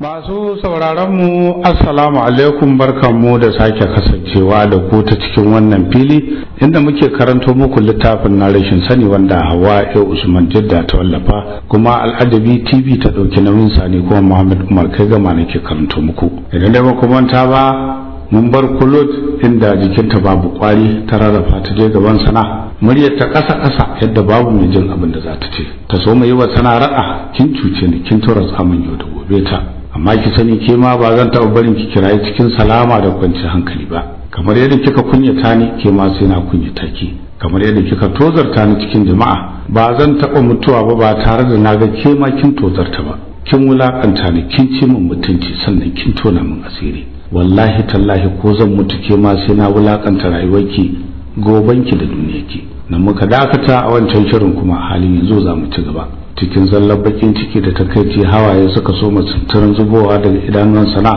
Masu sauraronmu Assalamu alaikum barkanmu da sake kasancewa da ku ta cikin wannan fili inda muke karanto muku littafin na rashin sani wanda Hawa ya Usman Jidda ta wallafa kuma Al'ajabi TV ta dauki nauyin sani kuma Muhammad Umar kai gama nake karanto muku. Idan dai makamanta manta ba mun bar kulot inda jikinta babu kwari ta rarrafa ta je gaban sana muryar ta ƙasa ƙasa yadda babu mai jin abin da za ta ce ta so mu yi wa sana ra'a kin cuce ni kin tura samun yau da gobe ta amma ki sani ke ma ba zan taɓa barin ki kiraye cikin salama da kwanciyar hankali ba kamar yadda kika kunyata ni ke ma sai na kunyata ki kamar yadda kika tozarta ni cikin jama'a ba zan taɓa mutuwa ba ba tare da na ga ke ma kin tozarta ba kin wulaƙanta ni kin ci min mutunci sannan kin tona min asiri wallahi tallahi ko zan mutu ke ma sai na wulakanta rayuwarki gobanki da duniyarki nan muka dakata a wancan shirin kuma a halin yanzu za mu ci gaba cikin zallar bakin ciki da takaici hawaye suka so mutuntarin zubowa daga idanun sana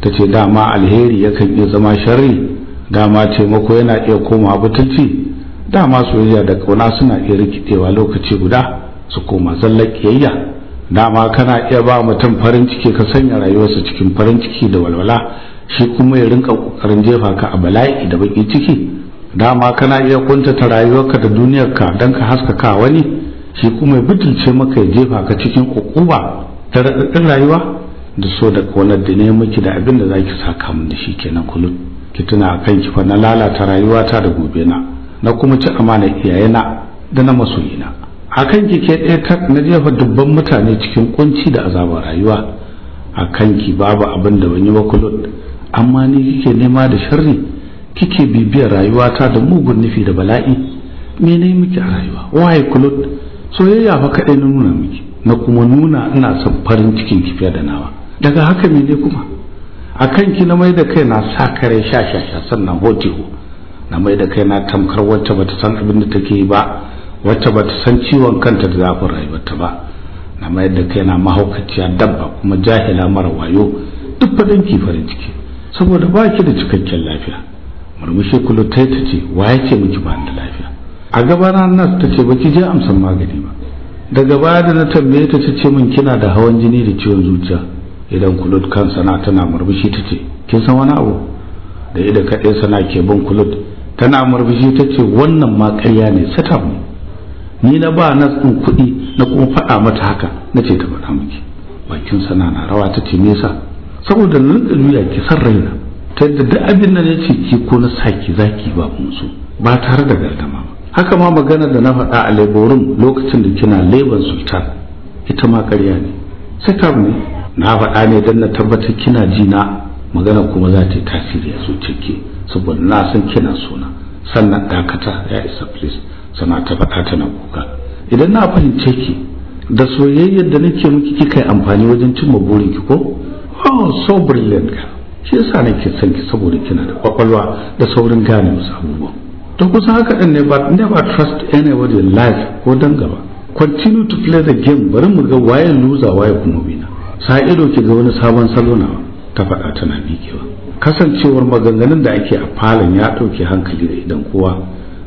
ta ce dama alheri yakan iya zama sharri dama taimako yana iya koma butulci dama soyayya da kauna suna iya rikidewa lokaci guda su koma zallar kiyayya dama kana iya ba mutum farin ciki ka sanya rayuwarsa cikin farin ciki da walwala shi kuma ya rinka kokarin jefa ka a bala'i da baki ciki dama kana iya kuntata rayuwarka da duniyarka don ka haskaka wani shi kuma ya butulce maka ya jefa ka cikin ukuba ta raɗaɗin rayuwa da so da kaunar da ne miki da abin da zaki saka min da shi kenan kulun. ki tuna a kanki fa na lalata rayuwata da gobe na na kuma ci amana iyayena da na masoyina a kanki ke ɗaya ta na jefa dubban mutane cikin kunci da azabar rayuwa a ki babu abin da ban yi ba kulun. amma ni kike nema da sharri kike bibiyar rayuwata da mugun nufi da bala'i me ne miki a rayuwa waye kulun? soyayya ba kaɗai na nuna miki na kuma nuna ina son farin cikin ki fiye da nawa daga haka me ne kuma a kan ki na mai da kai na sa kare sha sha sha sannan hotiho na mai da kai na tamkar wacce bata san abin da take yi ba wacce bata san ciwon kanta da zafin rayuwarta ba na mai da kai na mahaukaciya dabba kuma jahila mara wayo duk faɗin ki farin ciki saboda ba ki da cikakken lafiya murmushi kullu ta ce wa ce miki ba da lafiya a gabana nas ta ce baki je amsan magani ba daga baya da na tambaye ta ce min kina da hawan jini da ciwon zuciya idan kulut kan sana tana murmushi ta ce kin san wani abu da ida kaɗai sana ke bin kulut tana murmushi ta ce wannan ma ƙarya ne sata mu ni na ba nas ɗin kuɗi na kuma faɗa mata haka na ce ta faɗa miki bakin sana na rawa ta ce nesa saboda nan da duniya ki san raina ta yadda duk abin da ya ce ki ko na saki zaki ba musu ba tare da gardama ba haka ma maganar da na faɗa a leborun lokacin da kina leban sultan ita ma ƙarya ne sakam ne na faɗa ne don na tabbatar kina ji na magana kuma za ta yi tasiri a zuciyarki saboda na san kina suna sannan dakata ya isa please sana ta faɗa tana kuka idan na fahimce ki da soyayyar da nake miki kika yi amfani wajen cimma burinki ko oh so brilliant ka shi yasa nake son ki saboda kina da kwakwalwa da saurin gane wasu abubuwa Ta kusa haka ɗin ne ba never trust anybody life ko dan gaba continue to play the game bari mu ga waye loser waye kuma wina sa ido ki ga wani sabon salo na ta faɗa tana miƙewa kasancewar maganganun da ake a falon ya ɗauke hankali da idan kowa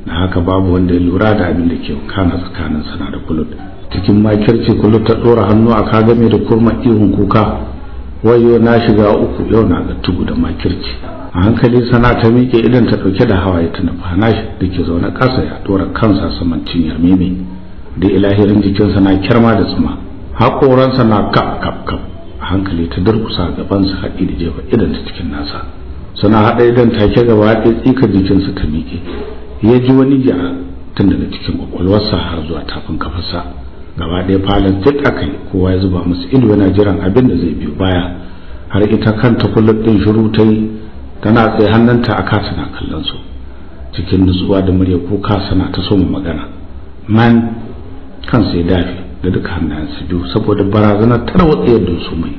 na haka babu wanda ya lura da abin da ke kana tsakanin sana da kulut cikin makirci kulut ta ɗora hannu a kagame da kurma ihun kuka wayo na shiga uku yau na ga tugu da makirci a hankali sana ta miƙe idan ta ɗauke da hawaye ta nufa na shi da ke zaune ƙasa ya tora kansa saman cinyar mimi da ilahirin jikinsa na kyarma da tsuma haƙoransa na kap kap kap a hankali ta durkusa gabansa haɗi da jefa idan ta cikin nasa suna haɗa idan ta ke gaba ɗaya tsikar jikinsa ta miƙe ya ji wani ja tun daga cikin sa har zuwa tafin kafarsa gaba ɗaya falon duk aka yi kowa ya zuba musu ido yana jiran abin da zai biyo baya har ita kanta kullum ɗin shiru ta yi tana tsaye hannunta a kasa na kallon su cikin nutsuwa da murya kuka sana ta so magana man kansa ya dafe da duka hannayen su biyu saboda barazanar tarwatsayar da su mai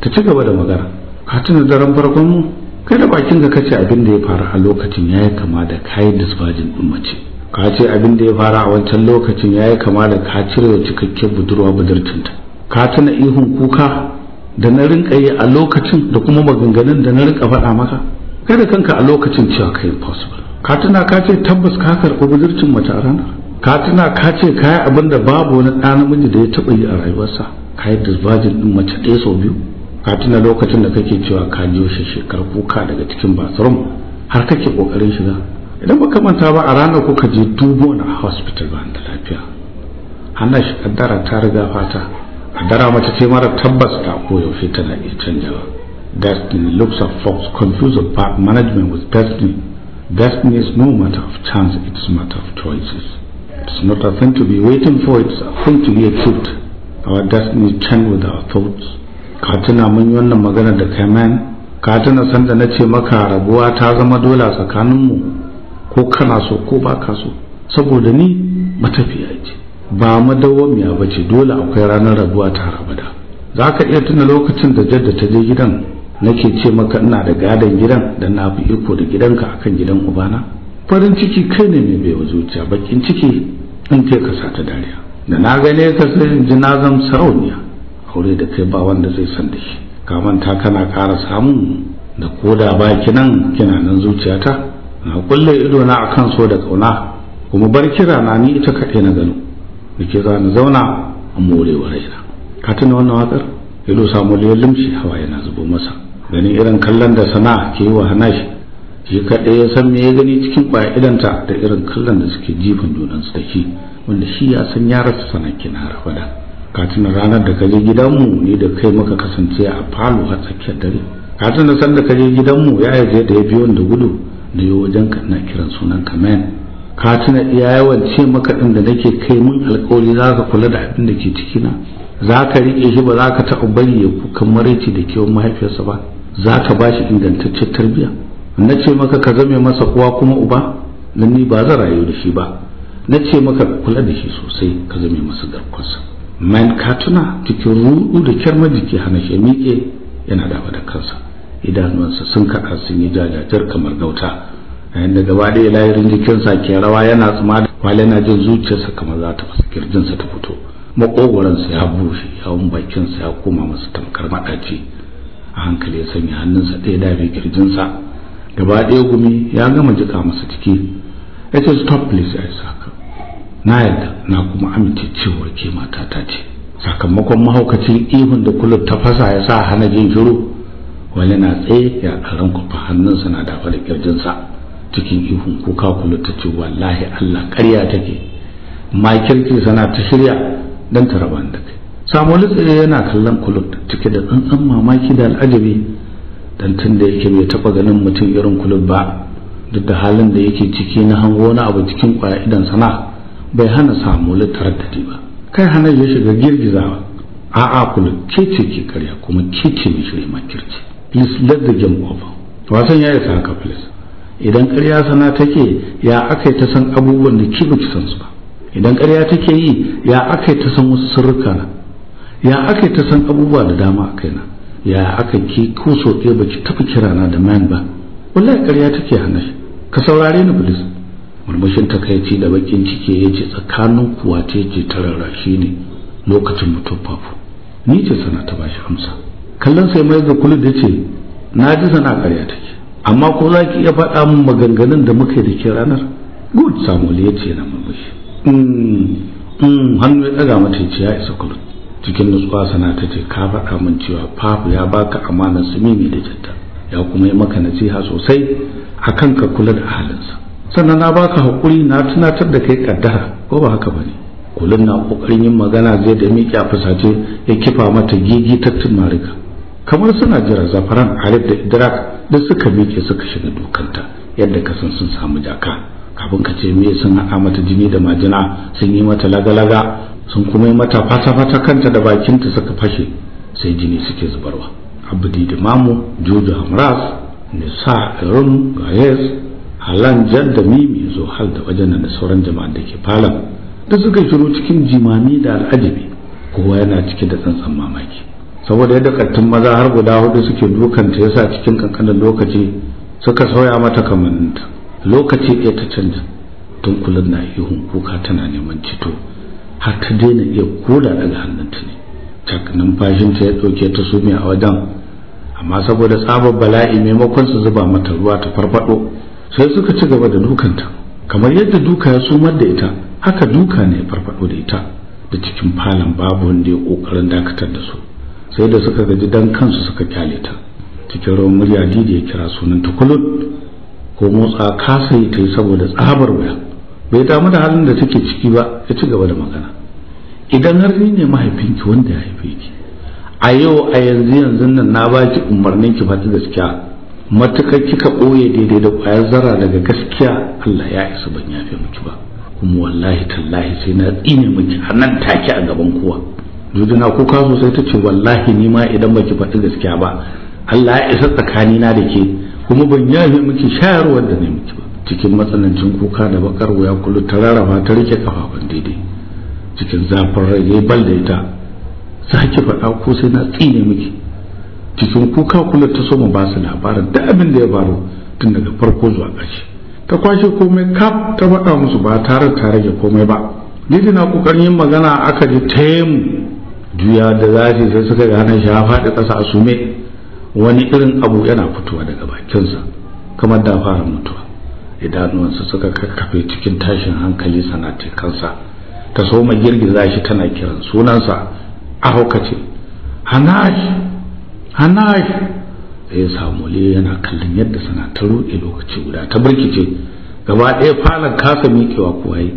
ta ci gaba da magana ka tuna daren farkon mu kai da bakin ka kace abin da ya faru a lokacin ya yi kama da kayan disbajin din mace ka ce abin da ya fara a wancan lokacin ya yi kama da ka cire cikakken budurwa budurcinta ka tuna ihun kuka da na rinka yi a lokacin da kuma maganganun da na rinka faɗa maka kai da kanka a lokacin cewa ka yi possible ka tuna ka ce tabbas ka karɓi budurcin mace a ranar ka tuna ka ce ka yi abin da babu wani ɗa namiji da ya taɓa yi a rayuwarsa ka yi disvajin ɗin mace ɗaya sau biyu ka tuna lokacin da kake cewa ka jiyo shi shekar kuka daga cikin bathroom har kake ƙoƙarin shiga idan baka manta ba a ranar kuka je dubo na hospital ba da lafiya hana shi kaddara ta riga fata kaddara mata ce mara tabbas ta koyaushe tana iya canjawa destiny looks at fox confuse about management with destiny destiny is no matter of chance it's matter of choices it's not a thing to be waiting for it's a thing to be achieved our destiny change with our thoughts ka tuna mun yi wannan magana da kai ka tuna sanda na ce maka rabuwa ta zama dole tsakaninmu ko kana so ko ba ka so saboda ni matafiya ce ba madawwamiya ba ce dole akwai ranar rabuwa ta rabu da za ka iya tuna lokacin da jadda ta je gidan nake ce maka ina da gadon gidan da na fi iko da gidanka kan gidan ubana farin ciki kai ne mai baiwa zuciya bakin ciki in ke ka ta dariya da na gane ka sai in ji na sarauniya aure da kai ba wanda zai san da shi ka manta kana kara samun da koda baki nan kina nan zuciyata na kulle ido na akan so da kauna kuma bar kira na ni ita kaɗai na gano nake za ni zauna a morewa raina ka tuna wannan wakar ido samu liyar limshi hawa yana zubo masa ganin irin kallon da sana ke yi wa hanashi shi kaɗai ya san me ya gani cikin ba idanta da irin kallon da suke jifan junansu da shi wanda shi ya san ya rasa sana kina harfada ka tuna ranar da ka je gidanmu ni da kai muka kasance a falo a tsakiyar dare ka tuna san da ka je gidanmu ya yaje da ya biyo da gudu na yi wajen ka kiran sunan ka ka tuna iya yawan ce maka ɗin da nake kai mun alkawari za ka kula da abin da ke ciki na za ka riƙe shi ba za ka taɓa bari ya kukan maraici da kewan mahaifiyarsa ba za ka ba shi ingantaccen tarbiyya na ce maka ka zame masa uwa kuma uba nan ni ba zan rayu da shi ba na ce maka kula da shi sosai ka zame masa garkonsa man ka tuna cikin ruɗu da kyar jiki hana shi miƙe yana dafa da kansa idanunsa sun kaɗa sun yi jajajar kamar gauta a da gaba ɗaya layirin jikinsa ke rawa yana tsuma da kwale na jin zuciyarsa kamar za ta fasa kirjinsa ta fito makogoransa ya bushe yawon bakinsa ya koma masa tamkar maɗaci a hankali ya sanya hannunsa ɗaya bai kirjinsa gaba ɗaya gumi ya gama jika masa ciki ya ce stop please ya isa ka na yadda na kuma amince cewar ke matata ce sakamakon mahaukacin ihun da kulub ta fasa ya sa hana jin shiru wani na tsaye ya karan kufa hannunsa na dafa da kirjinsa cikin ihun kuka kula ta ce wallahi Allah karya take kirki sana ta shirya don ta raba da kai samu tsaye yana kallon kulub cike da tsantsan mamaki da al'ajabi dan tun da yake bai taba ganin mutum irin kulub ba duk da halin da yake ciki na hango na abu cikin kwaya sana bai hana samu tarar da ba kai hana ya shiga girgizawa a'a kulub ke ce ke karya kuma ke ce mai shirya kirki please let the game over wasan ya sa haka please idan ƙarya sana take ya aka ta san abubuwan da ki baki san su ba idan ƙarya take yi ya aka yi ta san wasu sirrika na ya aka ta san abubuwa da dama a kaina ya aka ki ko so baki tafi kirana da man ba wallahi ƙarya take hana shi ka saurare ni please murmushin takaici da bakin ciki yace tsakanin kuwa ce ce tarara ne lokacin mutum fafu ni ce sana ta bashi amsa kallon sai mai da kulit ya ce na ji sana ƙarya take amma ko za ki iya faɗa min maganganun da muka yi da ke ranar good samuel ya ce na murmushi mm, mm, hannu ya ɗaga mata ce ya isa kulu cikin nutsuwa sana ta ce ka faɗa min cewa papu ya baka amanar su mimi da jatta ya kuma yi maka nasiha sosai akan ka kula da halinsa sannan na baka hakuri na tunatar da kai kaddara ko ba haka ba ne? kulun na kokarin yin magana zai da miƙa fasace ya kifa mata gigi ta marika kamar suna jira zafaran arif da idrak da suka mike suka shiga dukanta yadda ka san sun samu jaka kafin ka ce me sun haɗa mata jini da majina sun yi mata lagalaga sun kuma yi mata fata-fata kanta da bakinta suka fashe sai jini suke zubarwa abdi da mamu jojo hamras nisa irin gayes halan jan da mimi zo hal da wajen da sauran jama'a da ke falon da suka shiru cikin jimami da al'ajabi kowa yana cike da tsantsan mamaki saboda yadda kattun maza har guda hudu suke dukanta ya sa cikin kankanin lokaci suka sauya mata kamanninta lokaci ɗaya ta canza, tun kulun na ihun kuka tana neman cito har ta daina iya kula daga hannunta ne Takanun fashinta ya ɗauke ta sume a wajen amma saboda tsabar bala'i maimakon su zuba mata ruwa ta farfaɗo, sai suka ci gaba da dukanta kamar yadda duka ya sumar da ita haka duka ne ya farfaɗo da ita da cikin falon babu wanda ya kokarin dakatar da su sai da suka gaji dan kansu suka kyale ta cikin ruwan murya didi ya kira sunan ta kulut ko motsa kasa ta yi saboda tsabar wuya bai damu da halin da take ciki ba ya ci gaba da magana idan har ni ne mahaifinki wanda ya haife ki a yau a yanzu yanzu nan na baki umarnin ki fata gaskiya matukar kika ɓoye daidai da ƙwayar zara daga gaskiya Allah ya isa ban yafe miki ba kuma wallahi tallahi sai na tsine miki a nan take a gaban kowa jojina kuka sosai ta ce wallahi ni ma idan baki faɗi gaskiya ba Allah ya isa tsakani na da ke kuma ban yafe miki shayarwar da ne miki ba cikin matsanancin kuka da bakar wuya kullu ta rarraba ta rike kafafun daidai cikin zafin rai ya bal da ita sake faɗa ko sai na tsine miki cikin kuka kullu ta so mu ba su labarin duk abin da ya faru tun daga farko zuwa ƙarshe ta kwashe komai kaf ta faɗa musu ba tare ta rage komai ba didina na kokarin yin magana aka ji ta mu juya da zafi sai suka ga shi ya faɗi ƙasa a sume wani irin abu yana fitowa daga bakinsa kamar da fara mutuwa idanuwansa suka kakkafe cikin tashin hankali sana kansa ta so mai girgiza shi tana kiran sunansa a haukace hanash hanash ya samu le yana kallon yadda sana ta ruɗe lokaci guda ta birkice gaba ɗaya falon kasa miƙewa kuwa yi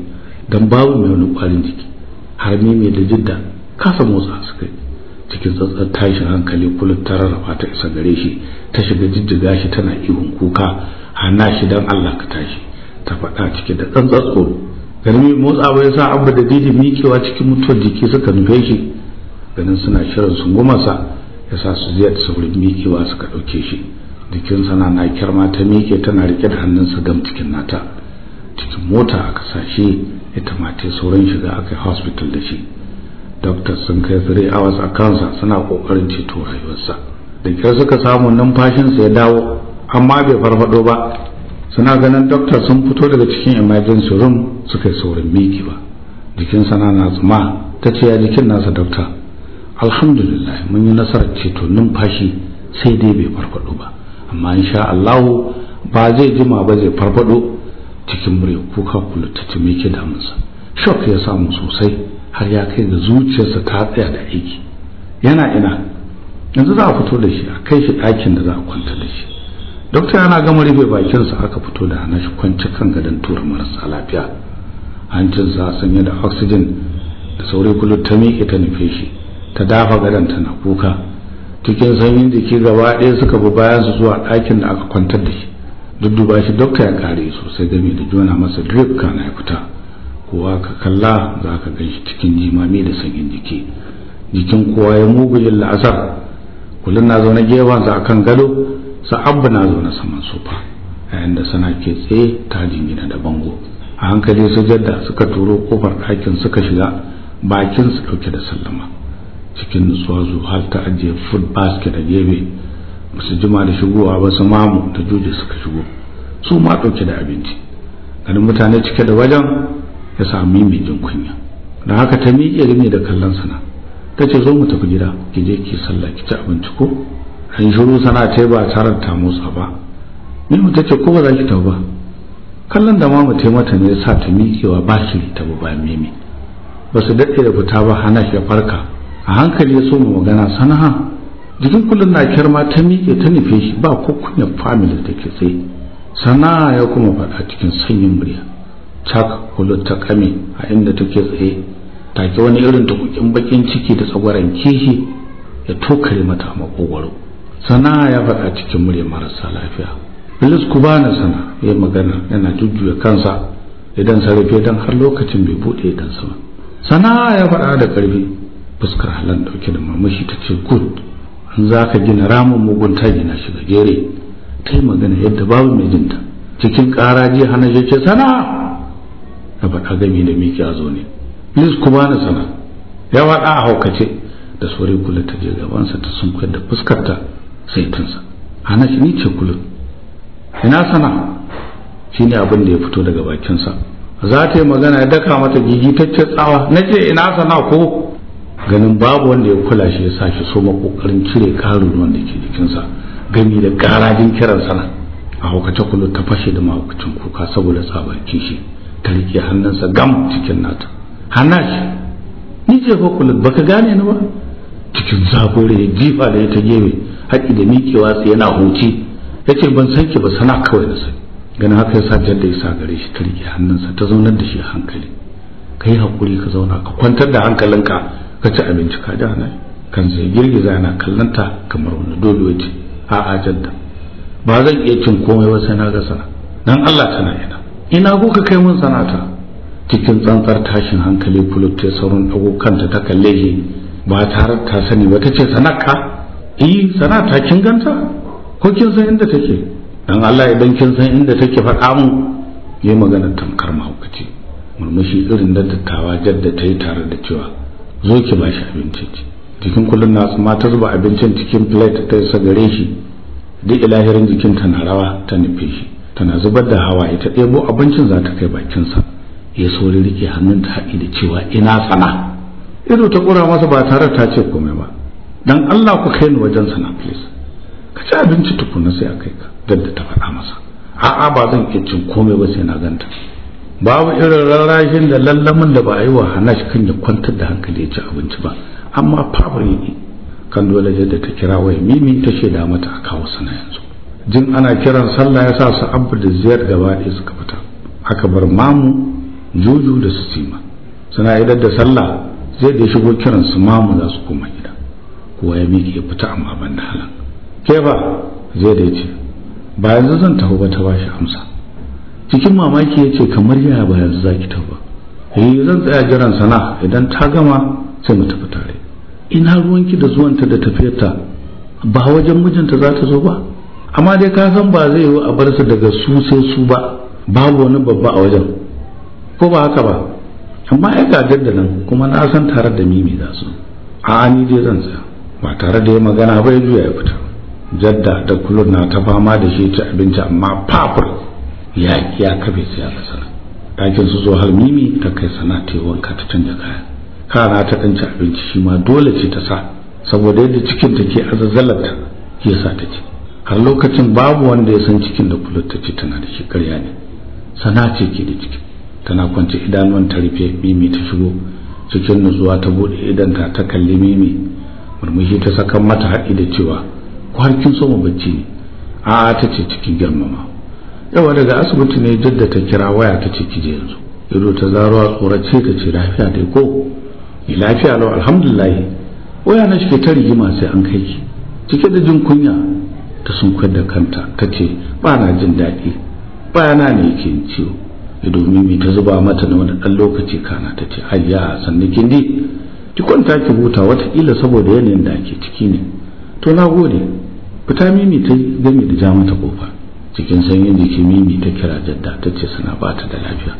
don babu mai wani ƙwarin jiki har mai da jidda kasa motsa kai. cikin tsatsar tashin hankali kullum ta rarraba ta isa gare shi ta shiga jijjiga shi tana ihun kuka hana shi dan Allah ka tashi ta faɗa cike da tsantsar tsoro garmi motsa bai sa abu da didi mikewa cikin mutuwar jiki suka nufe shi ganin suna shirin sun gumasa ya sa su ziyarci saurin mikewa suka ɗauke shi Jikin sana na kirma ta mike tana rike da hannunsa gam cikin nata cikin mota aka sashe ita mata sauran shiga aka hospital da shi doctor sun kai three hours a kansa suna kokarin ceto rayuwarsa da kyar suka samu numfashin numfashinsa ya dawo amma bai farfado ba suna ganin doctor sun fito daga cikin emergency room suka saurin miki ba Jikin sana na zuma ta ce ya jikin nasa doctor alhamdulillah mun yi nasarar ceto numfashi sai dai bai farfado ba amma insha Allah ba zai jima ba zai farfado cikin murya kuka kula ta ce me damunsa shock ya samu sosai har ya kai da zuciyarsa ta tsaya da aiki yana ina yanzu za a fito da shi a kai shi ɗakin da za a kwanta da shi dokta yana gama rufe bakinsa aka fito da hana shi kwanci kan gadon tura marasa lafiya hancin sa sanye da oxygen da sauri kullum ta miƙe ta nufe shi ta dafa gadon tana kuka cikin sanyin jiki gaba ɗaya suka bi bayan su zuwa ɗakin da aka kwantar da shi dudduba shi dokta ya kare sosai game da jona masa drip kana ya fita kowa ka kalla za ka gan shi cikin jimami da sanyin jiki jikin kowa ya mugu yin la'asar kullum na zaune za a kan gado sa'abba na zaune saman sofa a da suna ke tsaye ta jingina da bango a hankali su jadda suka turo kofar ɗakin suka shiga bakin su ɗauke da sallama cikin nutsuwa har ta ajiye food basket da gebe, ba su jima da shigowa ba su mamu da juji suka shigo su ma ɗauke da abinci ganin mutane cike da wajen ya sami mai jin kunya da haka ta miƙe rime da kallon sana ta ce zo mu tafi gida ki je ki sallah ki ci abinci ko an shiru sana ta ba tarar ta motsa ba ni ta ce ko ba za ki tafi ba kallon da mamu ta mata ne ya sa ta miƙewa ba shi ta ba mimi ba su daɗe da fita ba hana shi farka a hankali ya so mu magana sana'a jikin kullum na kyarma ta miƙe ta nufe shi ba ko kunyar family da ke tsaye sana'a ya kuma faɗa cikin sanyin murya Chak hulut takami a inda take tsaye take wani irin tukukin bakin ciki da tsagwaran kishi ya tokare mata makogwaro sana ya faɗa cikin murya marasa lafiya bilis kubana sana ya magana yana jujjuya kansa idan sarrafe dan har lokacin bai buɗe idan sama sana ya faɗa da ƙarfi fuskar halan dauke da mamashi ta ce good an za ka gina ramin mugunta gina shi gajere ta yi magana yadda babu mai jinta cikin ƙaraji hana ce sana na faɗa gami da miki a zo ne please kuma na sana ya faɗa a haukace da sauri kula ta je gabansa ta sunkuyar da fuskarta sai tunsa na shi ni ce kulun ina sana ne abin da ya fito daga bakinsa za ta yi magana ya daka mata gigitacce tsawa na ce ina sana ko ganin babu wanda ya kula shi ya sa shi soma kokarin cire karin ruwan da ke jikinsa gami da karajin kiran sana a haukace kullum ta fashe da mahaukacin kuka saboda tsabar kishi ta rike hannunsa gam cikin nata hana shi ni ce fa kullum baka gane ni ba cikin zafin ya jifa da ya ta gefe haƙi da miƙewa sai yana huci yace ban san ki ba sana kawai na sani ganin haka ya sa jadda ya sa gare shi ta rike hannunsa ta zaunar da shi hankali ka yi haƙuri ka zauna ka kwantar da hankalinka ka ci abinci ka da hana kan sai girgiza yana kallanta kamar wani dole a'a jadda ba zan iya cin komai ba sai na ga sana dan Allah tana yana ina kuka kai mun sanata cikin tsantsar tashin hankali fulut ta sauran dago kanta ta kalle shi ba tare ta sani ba tace sanaka eh sanata kin ganta ko kin san inda take dan Allah idan kin san inda take faɗa mun yayi magana tamkar mahaukaci murmushi irin da dattawa jadda ta yi tare da cewa zo ki ba shi abinci cikin kullun na su ta zuba abincin cikin plate ta isa gare shi duk ilahirin jikinta na rawa ta nufe shi tana zubar da hawa ita ɗebo abincin za ta kai bakinsa ya sauri rike hannunta haɗi da cewa ina sana ido ta ƙura masa ba tare ta ce komai ba dan Allah ku kai ni wajen sana please ka ci abinci tukuna sai a kai ka dadda ta faɗa masa a'a ba zan iya cin komai ba sai na ganta babu irin rarrashin da lallamin da ba a yi wa Hanash kan ya kwantar da hankali ya ci abinci ba amma fabri kan dole da ta kira waya mimi ta shaida mata a kawo sana yanzu jin ana kiran sallah ya sa su abu da ziyar gaba ɗaya suka fita aka bar mamu juju da su sima suna idar da sallah zai da shigo kiran su mamu za su koma gida kowa ya miƙe fita amma ban da halan ke ba zai da ce ba yanzu zan taho ba ta bashi amsa cikin mamaki ya ce kamar yaya ba yanzu za ki taho ba eh zan tsaya jiran sana idan ta gama sai mu tafi tare ina ruwanki da zuwanta da tafiyarta ba wajen mijinta za ta zo ba amma dai ka san ba zai yi a bar su daga su sai su ba babu wani babba a wajen ko ba haka ba amma ai ga nan kuma na san tare da mimi za su a ni dai zan sa ba tare da ya magana ba ya juya ya fita jadda da kulun na ta fama da shi ta abinci amma papur ya ya kafe sai ya kasar ɗakin su zo har mimi ta kai sana ta yi wanka ta canja kaya kana ta ɗan abinci shi ma dole ce ta sa saboda yadda cikin take ke sa ta ce har lokacin babu wanda ya san cikin da kulut ta ce tana da shi ne sana ce ke da ciki tana kwance idanuwan ta rufe mimi ta shigo cikin nutsuwa ta bude idan ta kalli mimi murmushi ta sakan mata haɗi da cewa kwarkin mu bacci ne a ta ce cikin girmama yawa daga asibiti ne jadda ta kira waya ta ce ki je yanzu ido ta zaro tsorace ta ce lafiya dai ko ni eh, lafiya lau alhamdulillah waya na shi ta rigima sai an kai ki cike da jin kunya ta sunkar da kanta ta ce ba na jin daɗi bana ne ke ciwo ya domin mai ta zuba mata na wani ɗan lokaci kana ta ce ayya sannan kin di ki kwanta ki huta wataƙila saboda yanayin da ake ciki ne to na gode fita mimi ta gami da ja mata kofa cikin sanyin jiki mimi ta kira jadda ta ce suna ba ta da lafiya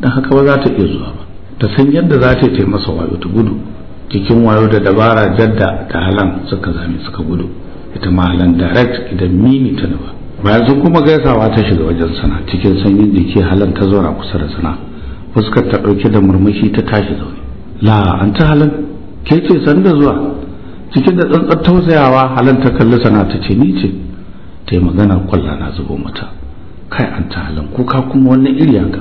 don haka ba za ta iya zuwa ba ta san yadda za ta yi masa wayo ta gudu cikin wayo da dabara jadda da halan suka zame suka gudu ita ma direct idan mimi ta ba. bayan sun kuma gaisawa ta shiga wajen sana cikin sanyin jiki halan ta zauna kusa da sana fuskar ta ɗauke da murmushi ta tashi zaune la an ta halan ke ce san da zuwa cikin da tsantsar tausayawa halan ta kalli sana ta ce ni ce ta yi magana kwalla na zubo mata kai an ta halan kuka kuma wannan iri haka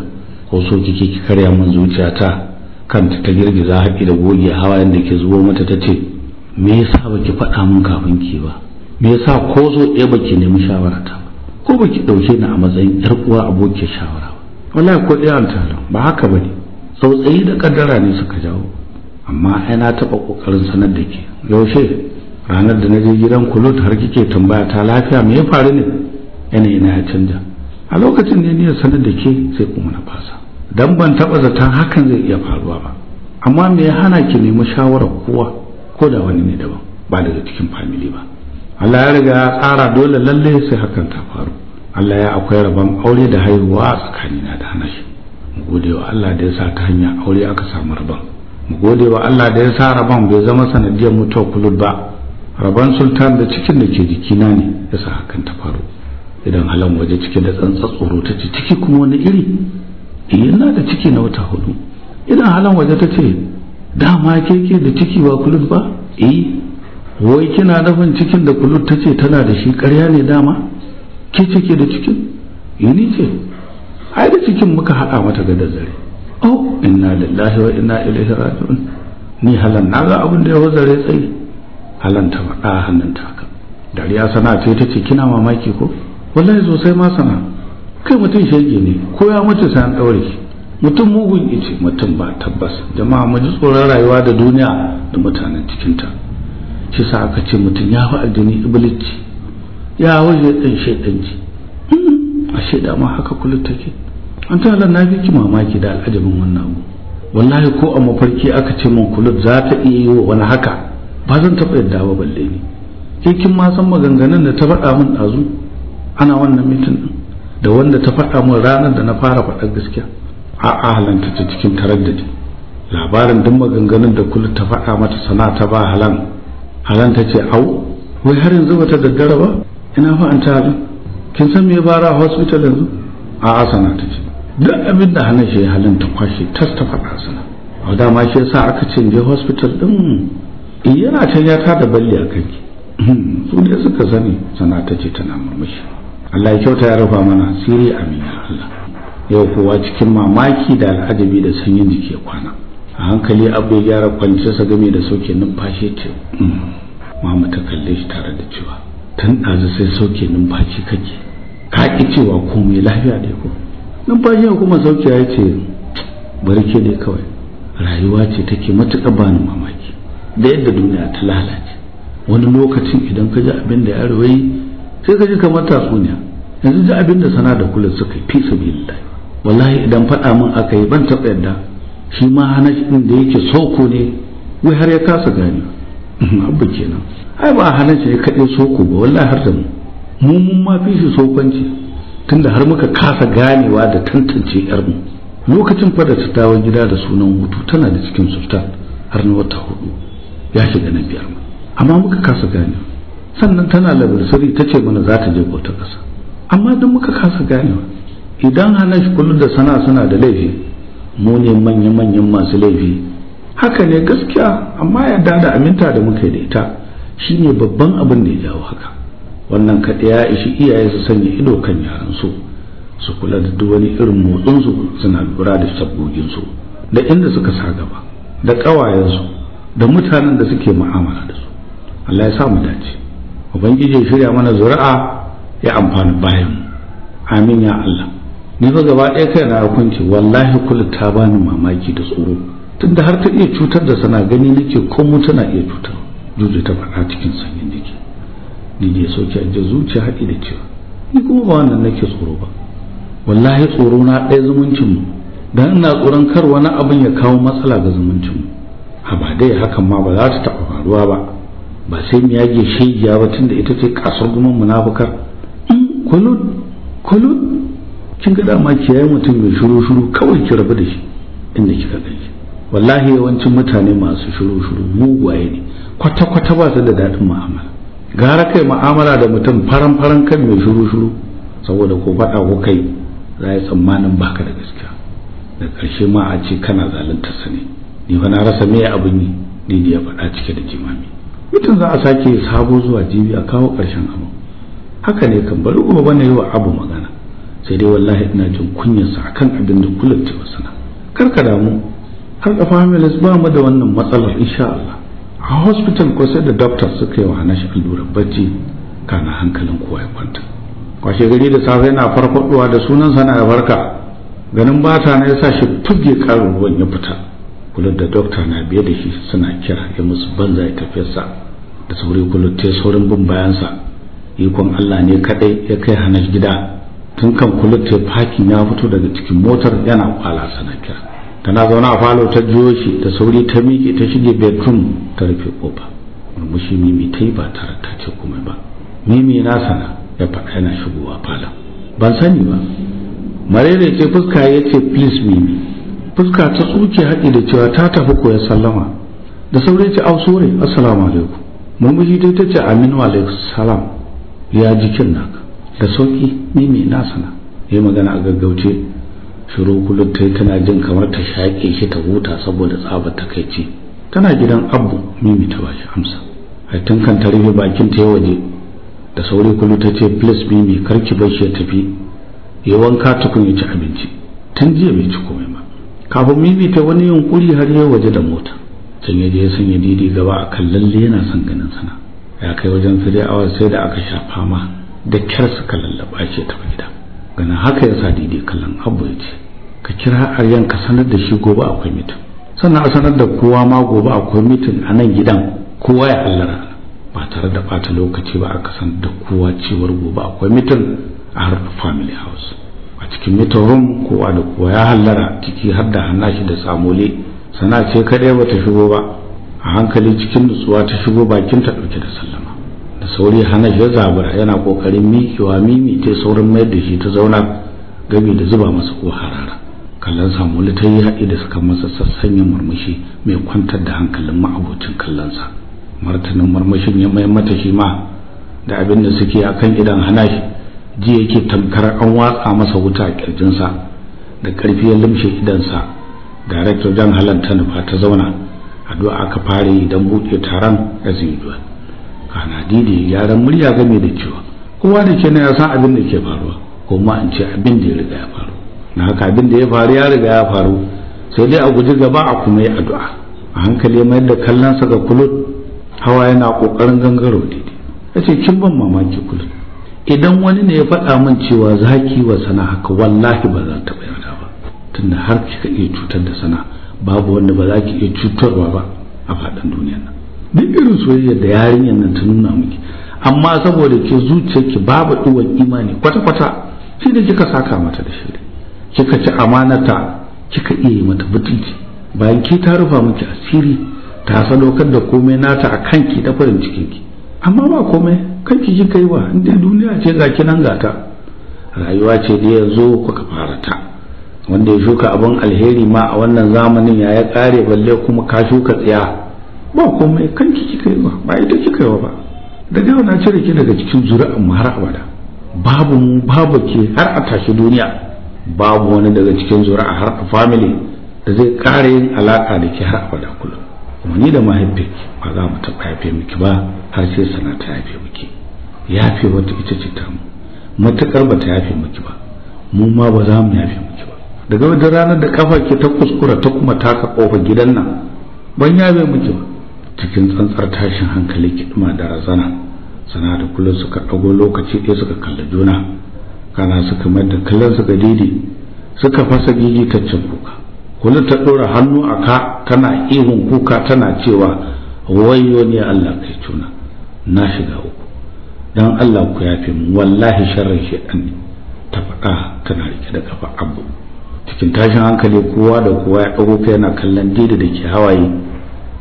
ko so kike ki karya min ta, kanta ta girgiza haƙi da goge hawa yanda ke zubo mata ta ce me yasa baki faɗa mun kafin ki ba me yasa ko zo ɗaya baki nemi shawara ta ko baki ɗauke ni a matsayin yar uwa abokin shawara ba wallahi ko ɗaya altalan ba haka ba ne sau tsayi da kaddara ne suka jawo amma ai na taɓa ƙoƙarin sanar da ke yaushe ranar da na je gidan kulut har kike tambaya ta lafiya me ya faru ne yanayi na ya canja a lokacin ne niyyar sanar da ke sai kuma na fasa dan ban taɓa zaton hakan zai iya faruwa ba amma me ya hana ki nemi shawarar kowa ko da wani ne daban ba daga cikin famili ba Allah ya riga ya tsara dole lalle sai hakan ta faru Allah ya akwai rabon aure da haihuwa a tsakanina da hanashi mu gode wa Allah da ya sa ta hanya aure aka samu rabon mu gode wa Allah da ya sa rabon bai zama sanadiyar mutuwa kulul ba rabon sultan da cikin da ke jikina ne ya sa hakan ta faru idan halan waje cikin da tsantsar tsoro ta ce ciki kuma wani iri eh, na da ciki na wata hudu idan halan waje ta ce dama keke da ciki ba kulul ba eh wai kina nufin cikin da kullum ta ce tana da shi ƙarya ne dama ke ce da cikin yini eh, ce ai da cikin muka haɗa mata ga dazare oh inna lillahi wa inna ilaihi raji'un ni halan na ga abin da ya wazare tsayi halan ta faɗa hannun ta ka dariya sana ce ta ce kina mamaki ko wallahi zo sai ma sana kai mutum shege ne ko ya mutu sai an ɗaure mutum mugun ice mutum ba tabbas jama'a mu ji tsoron rayuwa da duniya da mutanen cikinta shi sa aka ce mutum ya fi aljini iblici ya waje ɗan shaidanci a shaida ma haka kulit take an ta halar na fi ki mamaki da al'ajabin wannan abu wallahi ko a mafarki aka ce min kulit za ta iya yi wa wani haka ba zan taɓa yadda ba balle ni ke kin ma san maganganun da ta faɗa min ɗazu ana wannan mitin ɗin da wanda ta faɗa min ranar da na fara faɗar gaskiya a ahalanta ta cikin taraddadi labarin duk maganganun da kulit ta faɗa mata sana ta ba halan halan ta ce au wai har yanzu bata daddara ba ina fa an tare kin san me bara hospital yanzu a asana ta ce duk abin da hana shi halin ta kwashe tas ta faɗa asana a dama shi yasa aka ce je hospital din eh, yana can ya da balli a kanki hmm, su ne suka sani sana ta ce tana murmushi Allah ya kyauta ya rufa mana asiri amina Allah yau kowa cikin mamaki da al'ajabi da sanyin jiki kwana a hankali abu ya gyara kwanciyarsa game da sauke numfashi ce mm, mamu ta kalle shi tare da cewa tun ɗazu sai sauke numfashi kake ka ƙi cewa komai lafiya da ko numfashi ya kuma sauke ya ce bari ke kawai rayuwa ce take ba bani mamaki da yadda duniya ta lalace wani lokacin idan ka ji abin da yaro yi sai ka ji kamar tatsuniya yanzu ji abin da sana da kula suka yi fi sabilillah wallahi idan faɗa min aka yi ban taɓa yadda shi ma hanash din da yake soko ne wai har ya kasa gani abu kenan ai ba hanash ya kaɗai soko ba wallahi har da mu mun ma fi shi sokanci tunda har muka kasa ganewa da tantance yar mu lokacin fa da ta dawo gida da sunan hutu tana da cikin sultan har na wata hudu ya shiga na biyar amma muka kasa ganewa sannan tana labarsari ta ce mana za ta je bautar ƙasa amma don muka kasa ganewa idan hanash kullum da sana suna da laifi mu ne manya-manyan masu laifi haka ne gaskiya amma yadda da aminta da muka da ita shine babban abin da ya jawo haka wannan kaɗai ya ishi iyaye su sanya ido kan yaransu su su kula da duk wani irin su suna lura da su, da inda suka sa gaba da ƙawayensu da mutanen da suke mu'amala da su Allah ya sa mu dace ubangiji ya shirya mana zuri'a ya amfani bayan amin ya Allah ni fa gaba ɗaya kai na hukunci wallahi kul ta bani mamaki da tsoro tunda har ta iya cutar da sana gani nake ko mu tana iya cutar juju ta faɗa cikin sanyin jiki ni ne soke ajje zuciya haɗi da cewa ni kuma ba wannan nake tsoro ba wallahi tsoro na ɗaya zumuncin mu dan ina tsoron kar wani abin ya kawo matsala ga zumuncin mu ha ba dai hakan ma ba za ta taɓa faruwa ba ba sai mu yage shegiya ba tunda ita ce kasar gumin munafukar mm, kulud kulud kin ga dama kiyaye mutum mai shuru shuru kawai ki rabu da shi inda kika shi wallahi yawancin mutane masu shuru shuru mugaye ne kwata kwata ba su da daɗin mu'amala gara kai mu'amala da mutum faran faran kan mai shuru shuru saboda ko faɗa ko kai za ya tsammanin baka da gaskiya da ƙarshe ma a ce kana zalunta su ne ni fa na rasa me abin yi ni ne ya faɗa cike da jimami mutum za a sake sabo zuwa jibi a kawo ƙarshen abu haka ne kan bari kuma bane yi wa abu magana sai dai wallahi ina jin kunyarsa akan abin da kullum ce wasana kar ka damu har da families ba mu da wannan matsalar insha Allah a hospital ko sai da doctors suka yi wa hanashi allurar bacci kana hankalin kowa ya kwanta kwashe gari da safe yana farfaduwa da sunan sana ya farka ganin bata na yasa shi fuge karin ruwan ya fita kullum da doctor na biye da shi suna kira ya musu banza ya tafiyarsa da sauri kullum ta saurin bin bayansa ikon Allah ne kadai ya kai hanashi gida tun kan kulita faki ya fito daga cikin motar yana kwala sana kira tana zauna a falo ta jiyo shi da sauri ta miƙe ta shige bedroom ta rufe kofa murmushi mimi ta yi ba tare ta ce komai ba mimi na sana ya faɗa yana shigowa falon ban sani ba marere ce fuska ya ce please mimi fuska ta tsuke haɗi da cewa ta tafi koyar sallama da sauri ce au sore assalamu alaikum murmushi dai ta ce aminu wa alaikum salam ya jikin naka da sauki ni mai nasana ya magana a gaggauce shiru kullum ta tana jin kamar ta shaƙe shi ta huta saboda tsabar takaici tana gidan abu mimi ta bashi amsa haitun kan ta rufe bakin ta waje da sauri kullu ta ce please mimi karki bar shi ya tafi ya wanka tukun ya ci abinci tun jiya bai ci komai ba kafin mimi ta wani yunkuri har ya waje da mota can ya je ya sanya didi gaba a kan lalle yana son ganin sana ya kai wajen su awar sai da aka sha fama da kyar suka lallaba ce ta gida gana haka ya sa didi kallon abu ya ce ka kira aryan ka sanar da shi gobe akwai mitin sannan a sanar da kowa ma gobe akwai mitin a nan gidan kowa ya hallara ba tare da bata lokaci ba a sanar da kowa cewar gobe akwai mitin a har family house a cikin mitin room kowa da kowa ya hallara ciki har da hana shi da samole sana ce kadai bata shigo ba a hankali cikin nutsuwa ta shigo bakin ta dauke da sallama sauri hana ya zabura yana kokarin mikiwa mimi ta saurin mayar da shi ta zauna gami da zuba masa ko harara kallon samuli ta yi haɗi da suka masa yin murmushi mai kwantar da hankalin ma'abocin kallonsa martanin murmushin ya mayar mata shi ma da abin da suke a kan idan hana shi ji yake tamkar an watsa masa wuta a ƙirjinsa da ƙarfi ya limshe idansa darakta jan halanta nufa ta zauna addu'a aka fara yi don buɗe taron azimduwa Ana dide yaran murya game da cewa kowa da ke na ya san abin da ke faruwa kuma an ce abin da ya riga ya faru na haka abin da ya faru ya riga ya faru sai dai a guji gaba a kuma yi addu'a a hankali mai da kallon sa ga kulut hawa yana kokarin gangaro daidai kace kin ban mamaki kulut idan wani ne ya faɗa min cewa zaki wa sana haka wallahi ba zan taɓa yarda ba tunda har kika iya cutar da sana babu wanda ba za ki iya cutarwa ba a faɗin duniyar nan duk irin soyayya da yarinyar nan ta nuna miki amma saboda ke ki babu ɗuwan imani kwata-kwata shi da kika saka mata da shi kika ci amanata kika iya mata butunci bayan ki ta rufa miki asiri ta sadaukar da komai nata a kanki da farin ki. amma ba komai kanki ki kai wa inda duniya ce ga nan gata rayuwa ce da yanzu kuka fara ta wanda ya shuka abin alheri ma a wannan zamanin ya ya kare balle kuma ka shuka tsaya ba komai kanki kika yi ba ba ita kika yi ba daga yau na cire ki daga cikin zuri'an mu har abada babu mu babu ke har a tashi duniya babu wani daga cikin zuri'a har a family da zai kare yin alaka da ke har abada kullum kuma ni da mahaifinki ba za mu taɓa yafe miki ba har sai sana ta yafe miki yafe wata ita ce ta mu matakar ba ta yafe miki ba mu ma ba za mu yafe miki ba daga wajen ranar da kafa ke ta kuskura ta kuma taka kofar gidan nan ban yafe miki ba cikin tsantsar tashin hankali kidma da razana sana da kullum suka ɗago lokaci ɗaya suka kalla juna kana suka mayar da kallon suka didi suka fasa gigitaccen kuka kullum ta ɗora hannu a ka tana ihun kuka tana cewa wayo ne Allah kai tuna na shiga uku dan Allah ku yafe mu wallahi sharrin shi ne ta faɗa tana rike da kafa abu cikin tashin hankali kowa da kowa ya ɗago kai yana kallon didi da ke hawaye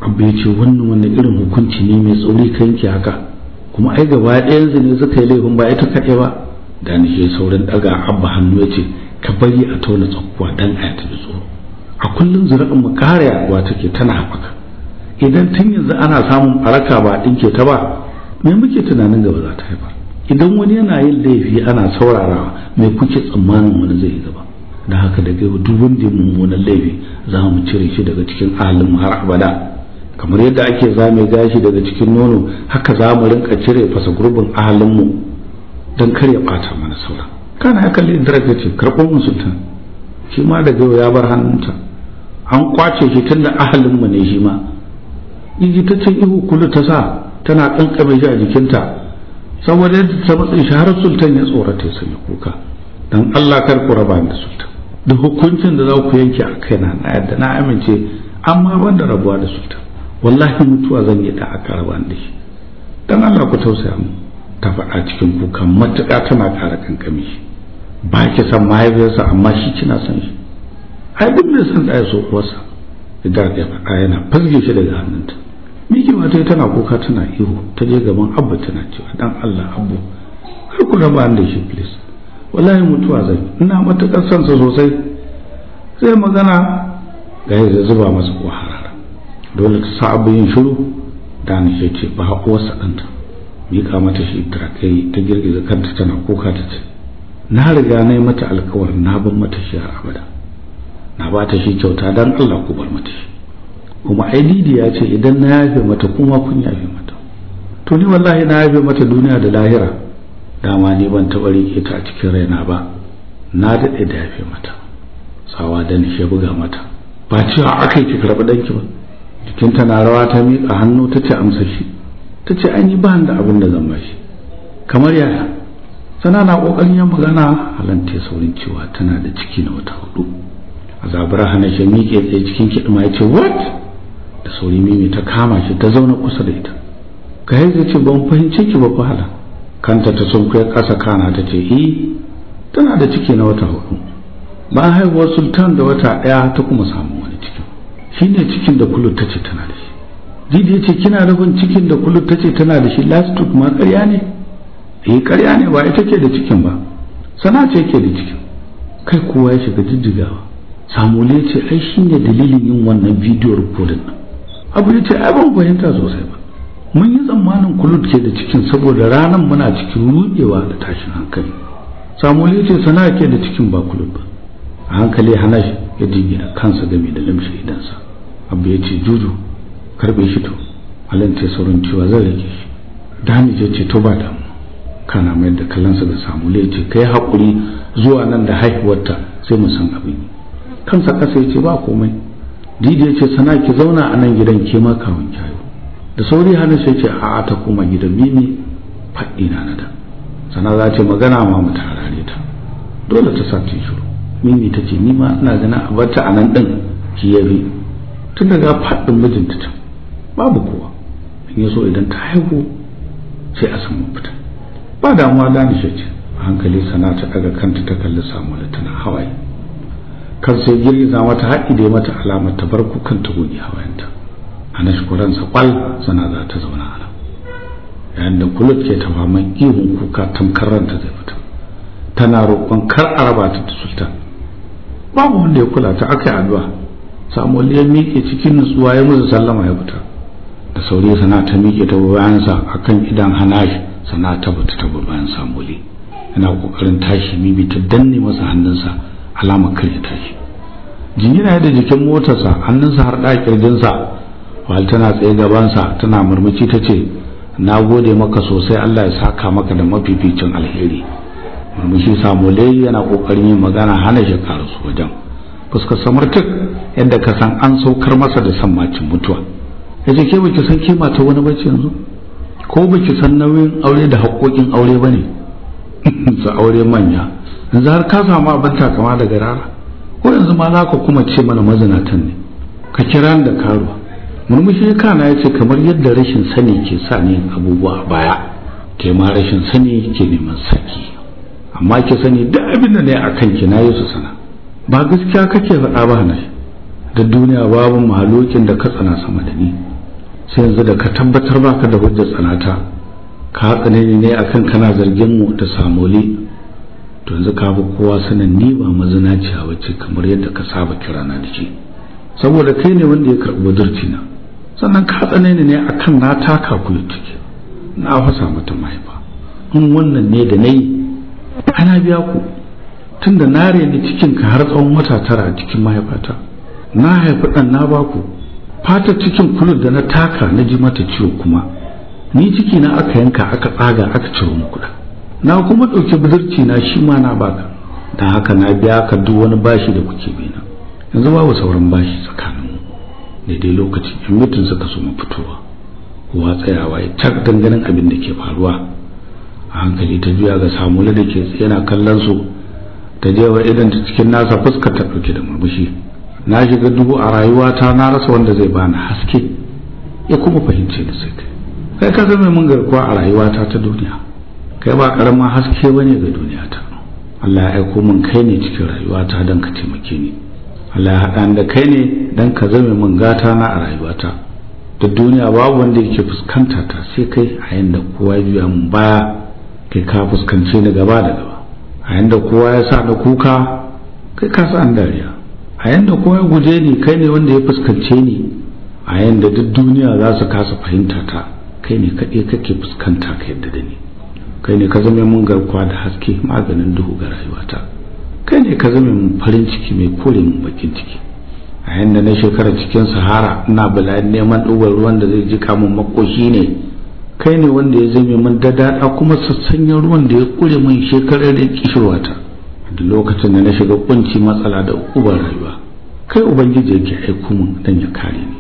abu ya ce wannan wannan irin hukunci ne mai tsauri ka yanke haka kuma ai gaba ɗayansu ne suka yi laifin ba ita kaɗai ba da ke saurin ɗaga abba hannu ya ce ka bari a tauna tsakuwa dan a yata da tsoro a kullum zuri'in mu ƙara yaduwa take tana haɓaka idan tun yanzu ana samun faraka ba ɗinke ta ba me muke tunanin gaba za ta haifar idan wani yana yin laifi ana saurarawa me kuke tsammanin wani zai yi gaba da haka daga duk wanda ya mummunan laifi za mu cire shi daga cikin alim har abada kamar yadda ake zame gashi daga cikin nono haka za mu rinka cire fasa gurbin ahalinmu don kar ya bata mana saura. kana haka lidrak daraja ce karɓo musulta shi ma daga yau ya bar hannunta an kwace shi tun da ahalinmu ne shi ma ta ce ihu kulu ta sa tana ƙanƙame shi a jikinta saboda yadda ta matsin shi har sultan ya tsorata ya sanya kuka don allah kar ku raba da sultan da hukuncin da za ku yanke a kaina na yadda na amince amma ban da rabuwa da sultan wallahi mutuwa zan yi ta a karaban da shi dan Allah ku tausaya mu ta faɗa cikin kuka matuƙa tana ƙara kankami shi ba ki san mahaifiyarsa amma shi kina san shi ai duk mai san ɗaya so kuwarsa idan ya faɗa yana fasge shi daga hannunta miki ma yi tana kuka tana ihu ta je gaban abba tana cewa dan Allah abbu kar ku raba da shi please wallahi mutuwa yi. ina matuƙar son sa sosai sai magana ga ya zuba masa kuhara dole ta sa abu yin shiru da na ke ce ba uwarsa ɗanta miƙa mata shi tarakai ta girgiza kanta tana kuka ta ce na riga na yi mata alkawar na bar mata shi har abada na ba ta shi kyauta don allah ku bar mata shi kuma ai ya ce idan na yafe mata kuma kun yafe mata to ni wallahi na yafe mata duniya da lahira dama ni ban taɓa rike ta a cikin raina ba na daɗe da yafe mata Sawa da nishe buga mata ba cewa aka yi kika raba ɗanki ba jikinta na rawa ta miƙa hannu ta ce amsa shi ta ce an yi bani da abin da zama shi kamar yaya tana na ƙoƙarin yin magana halanta saurin cewa tana da ciki na wata hudu a zabura hana shi miƙe tsaye cikin kiɗima ya ce what da sauri mimi ta kama shi ta zauna kusa da ita ka haizu ce ban fahimce ki ba fahala kanta ta kai ƙasa kana ta ce eh tana da ciki na wata hudu ba haihuwar sultan da wata ɗaya ta kuma samu shine cikin da ta tace tana da shi didi yace kina rabin cikin da ta tace tana da shi last ma ƙarya ne eh ƙarya ne ba ita ke da cikin ba sana ce ke da cikin kai kowa ya shiga diddigawa samuel ya ce ai shine dalilin yin wannan bidiyo recording din abu ya ce ai ban fahimta sosai ba mun yi tsammanin kulut ke da cikin saboda ranar muna cikin rudewa da tashin hankali samuel ya ce sana ke da cikin ba kulut ba a hankali hana shi ya jingina kansa game da limshe idansa abu ya ce juju karbe shi to halin ce saurin cewa zai rage shi dani ya ce to ba damu kana mai da kallonsa da samu ya ce kai haƙuri zuwa nan da haihuwarta sai mu san abin kansa kasa ya ce ba komai didi ya ce sana ki zauna a nan gidan ke ma kawun kyayo da sauri hannun sai ce a'a ta koma gidan mimi faɗi na da sana za ce magana ma mu tarare ta dole ta sa ta shiru mimi ta ce ni ma ina a barta a nan ɗin ki yabi tun daga faɗin mijinta can babu kowa in ya so idan ta haihu sai a samu fita ba damuwa shi ce a hankali sana ta ɗaga kanta ta kalli samu da tana hawaye kan sai girgiza mata haɗi da mata alamar ta bar kukan ta goge hawayenta a na shukuransa ƙwal sana za ta zauna a nan yayin da kulut ke ta faman ihun kuka tamkar ranta zai fita tana roƙon kar a rabata ta da sultan babu wanda ya kula ta aka yi addu'a samuwal ya miƙe cikin nutsuwa ya musu sallama ya fita da sauri sana ta miƙe ta bayansa akan idan hanashi sana ta fita ta bayan samuwal yana ƙoƙarin tashi mibi ta danne masa hannunsa alama kan ya tashi jinjina da jikin motarsa hannunsa har da kirjinsa wal tana tsaye gabansa tana murmushi ce na gode maka sosai Allah ya saka maka da mafificin alheri murmushi samule yana kokarin yin magana hana shekaru su wajen fuskar samartuk yadda ka san an saukar masa da san macin mutuwa ya ce ke baki san kima ta wani bace yanzu ko baki san nauyin aure da haƙoƙin aure ba ne su aure manya yanzu har ka samu abin takama daga rara ko yanzu ma za ka kuma ce mana mazinatan ne ka kira da karuwa murmushi kana ya ce kamar yadda rashin sani ke sa ne abubuwa baya ta ma rashin sani ke neman saki amma ke sani duk abin da ne a kanki na yi su sana ba gaskiya kake faɗa ba ne da duniya babu mahalokin da ka tsana sama da ni sai yanzu da ka tabbatar baka da hujjar tsanata ka hatsane ni ne akan kana zargin mu ta samole to yanzu ka fi kowa sanin ni ba mazinaciya wacce kamar yadda ka saba kirana da shi saboda kai ne wanda ya karɓi budurci na sannan ka tsane ni ne akan na taka ku take na fasa mata mahaifa in wannan ne da nayi ana biya ku tunda na cikin cikinka har tsawon wata tara a cikin mahaifata na haifi ɗan na baku fatar cikin kulur da na taka na ji mata ciwo kuma ni ciki na aka yanka aka tsaga aka ciro mu kuɗa na kuma ɗauki budurci na shi ma na baka don haka na biya ka duk wani bashi da kuke bina yanzu babu sauran bashi tsakanin tsakaninmu daidai lokacin in mutum suka so mu fitowa kowa tsayawa ya tak danganin abin da ke faruwa a hankali ta juya ga samula da ke yana kallon su ta je wa idan ta cikin nasa fuskar ta ɗauke da murmushi na shiga dubu a rayuwata na rasa wanda zai bani haske ya kuma fahimce ni sai kai kai ka zama mun garkuwa a rayuwata ta duniya kai ba karamin haske bane ga duniyata Allah ya aiko mun kai ne cikin rayuwata don ka taimake ni Allah ya haɗa da kai ne don ka zame mun gata na a rayuwata da duniya babu wanda yake fuskanta ta sai kai a yanda kowa ya biya mun baya kai ka fuskance ni gaba da gaba a yanda kowa ya sa na kuka kai ka sa an dariya a yanda kowa ya guje ni kai ne wanda ya fuskance ni a yanda duk duniya za su kasa fahimta ta kai ne kaɗai kake fuskanta ka yadda da ni kai ne ka zama mun garkuwa da haske maganin duhu ga rayuwata kai ne ka zama mun farin ciki mai kore mun bakin ciki a yanda na shekara cikin sahara ina bala'in neman ɗugar ruwan da zai ji kamun makoshi ne kai ne wanda ya zame min dada kuma sassanyan ruwan da ya kure min shekarar da kishirwata da lokacin da na shiga kunci matsala da uban rayuwa kai ubangiji yake aiku min dan ya kare ni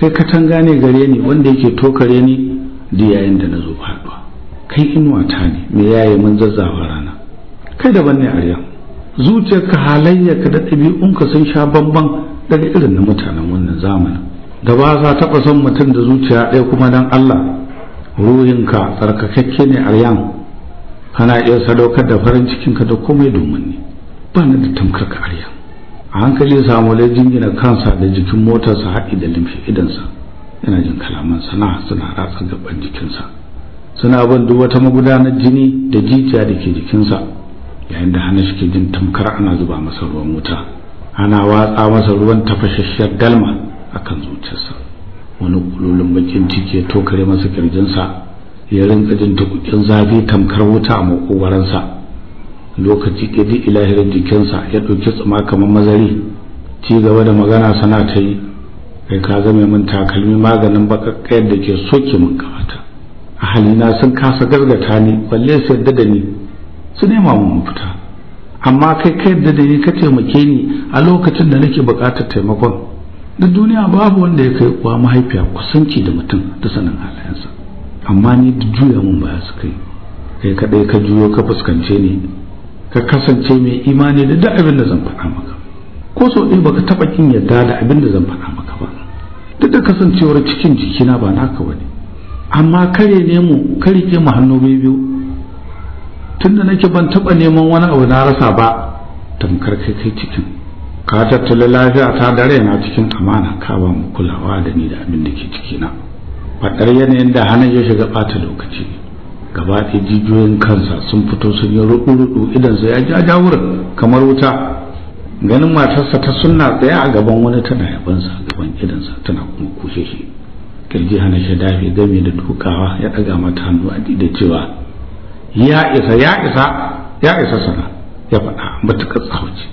kai katanga ne gare ni wanda yake tokare ni da yayin da na zo faduwa kai inuwa ne me yaye mun zazzawa rana kai daban ne aryan zuciyarka halayyarka da ɗabi'unka sun sha bamban daga irin na mutanen wannan zamanin da ba za taɓa son mutum da zuciya ɗaya kuma dan Allah ruhinka tsarkakakke ne aryan kana iya sadaukar da farin cikinka da komai domin ne ba na da tamkar ka aryan a hankali samu lai jingina kansa da jikin motarsa haɗi da limfi idansa yana jin kalaman sana suna ratsa gaban jikinsa suna bin duk wata magudanar jini da jijiya da ke jikinsa yayin da hana shi ke jin tamkar ana zuba masa ruwan wuta ana watsa masa ruwan tafashasshiyar dalma akan zuciyarsa wani kulolin bakin ciki ya tokare masa kirjinsa ya rinka jin tukukin zafi tamkar wuta a makogaransa lokaci kidi jikin sa ya ɗauki tsuma kamar mazari ci gaba da magana sana ta yi kai ka zame min takalmi maganin bakakkayar da ke soke min kamata ahalina sun kasa gargata ni balle su yadda da ni su nema mun fita amma kai ka yadda da ni ka taimake ni a lokacin da nake buƙatar taimakon Da duniya babu wanda ya kai kuwa mahaifiya kusanci da mutum ta sanin halayensa amma ni da juya mun baya su kai kai kadai ka juyo ka fuskance ni ka kasance mai imani da duk abin da zan faɗa maka ko so ɗaya baka taɓa kin yarda da abin da zan faɗa maka ba duk da kasancewar cikin jikina ba naka bane amma kare ne mu kare ke mu hannu biyu tunda nake ban taɓa neman wani abu na rasa ba tamkar kai kai cikin ka tattala lafiya ta da raina cikin amana ka ba mu kulawa da ni da abin da ke ciki na faɗar yanayin da hannun ya shiga bata lokaci gaba ɗaya jijiyoyin kansa sun fito sun yi ruɗu-ruɗu idan su ya ja jawurin kamar wuta ganin matarsa ta sunna tsaye a gaban wani tana yabansa gaban idansa tana kuma kushe shi kirji hana shi dafi game da dukawa ya ɗaga mata hannu a da cewa ya isa ya isa ya isa sana ya faɗa matuƙar tsawaci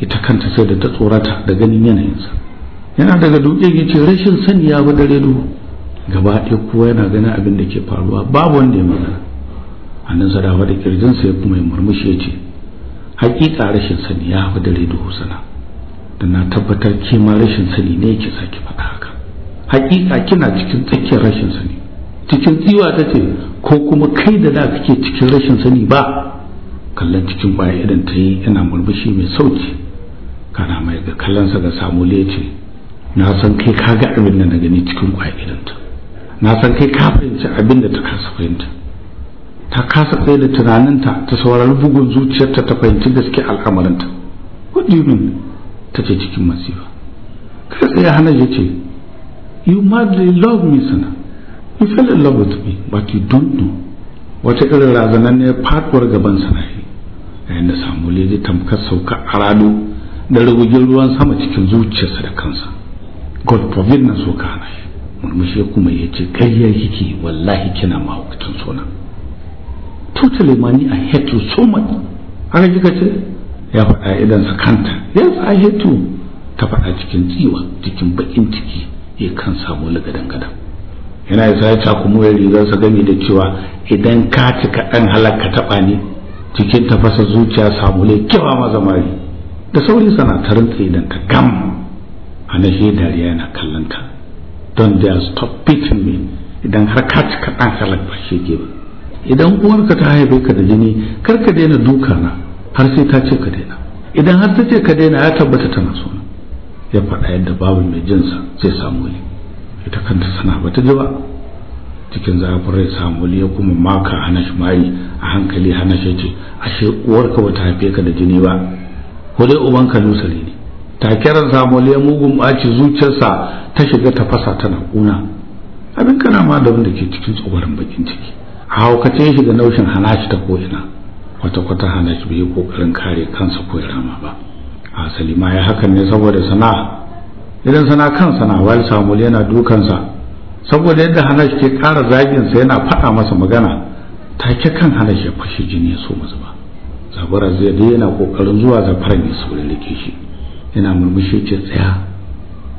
ita kanta sai da ta tsorata da ganin yanayinsa yana daga duke ya ce rashin sani ya bada redu gaba ɗaya kowa yana ganin abin da ke faruwa babu wanda ya magana hannun sadawa da kirjinsa ya kuma ya murmushi ya ce hakika rashin sani ya bada redu husana da na tabbatar ke rashin sani ne yake sake faɗa haka hakika kina cikin tsakiyar rashin sani cikin tsiwa ta ce ko kuma kai da da kake cikin rashin sani ba kallon cikin kwaya idan ta yi yana murmushi mai sauki kana mai ga sa ga samu lece na san kai ka ga abin da na gani cikin kwaya idan ta na san kai ka fahimci abin da ta kasa fahimta ta kasa tsaye da tunaninta ta saurari bugun zuciyarta ta fahimci gaske al'amarinta what do you ta ce cikin masifa kai tsaye hana ya ce you madly love me sana you fell in love with me but you don't know wata irin razanan ne faduwar gaban sanayi da samu lede tamkar sauka a rado da ragujin ruwan sama cikin zuciyarsa da kansa god forbid na so ka hana shi murmushi kuma ya ce karya kike wallahi kina mahaukacin sona totally mani i hate you so much haka kika ce ya faɗa idan sa kanta yes i hate you ta faɗa cikin tsiwa cikin bakin ciki ya kan samu lagadan gadan yana yasa ya cakumu ya sa gami da cewa idan ka cika ɗan halakka taɓa ne cikin tafasa zuciya samu sabulai ma zama mari da sauri sana tarin tsidan ka gam ana shi dariya yana kallon ka don da stop beating me idan har ka cika dan halak ba shi ke ba idan uwarka ta haife ka da jini kar ka daina duka na har sai ta ce ka daina idan har ta ce ka daina ya tabbata tana so ya faɗa yadda babu mai jinsa zai samu ne ita kanta sana ta ji ba cikin zafin rai samuli ya kuma maka hana shi mari a hankali hana shi ce ashe uwarka ba ta haife ka da jini ba ko dai ka ne takiran samuli ya mugun baci zuciyarsa ta shiga tafasa tana kuna abin kana ma da wanda ke cikin tsogarin bakin ciki a haukace shi shiga naushin hana shi ta ko'ina kwata-kwata hana shi bai yi kokarin kare kansa ko ya rama ba a salima ya hakan ne saboda sana'a idan sana sana'a wani wal liya yana dukansa saboda yadda hana ke zagin zaginsa yana faɗa masa magana ta ke kan hana ya fashe jini ya so masa ba zabara zai dai yana kokarin zuwa zafaran ya so lake shi yana murmushi ce tsaya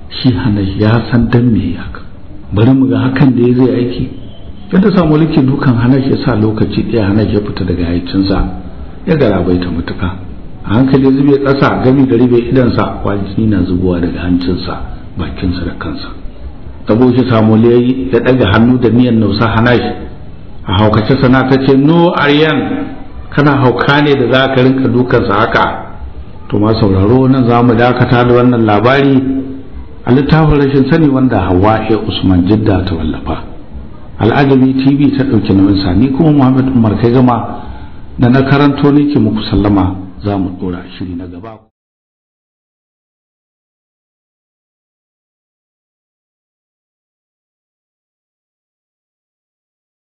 shi hana ya san dan me haka bari mu ga hakan da ya zai aiki yadda samu lake dukan hana ya sa lokaci ɗaya hana ya fita daga haicinsa ya garabaita mutuka a hankali zube ƙasa gami da ribe idansa kwalci na zubowa daga hancinsa bakinsa da kansa ta goshi samuliyai da ɗaga hannu da miyan nausa hana a haukace sana ta ce no aryan kana hauka ne da za ka rinka dukansa haka to ma sauraro nan za mu dakata da wannan labari a littafin rashin sani wanda hawa ya usman jidda ta wallafa al'ajabi tv ta ɗauki nauyin sa ni kuma muhammad umar kai gama da na karanto ne ke muku sallama za mu ɗora shiri na gaba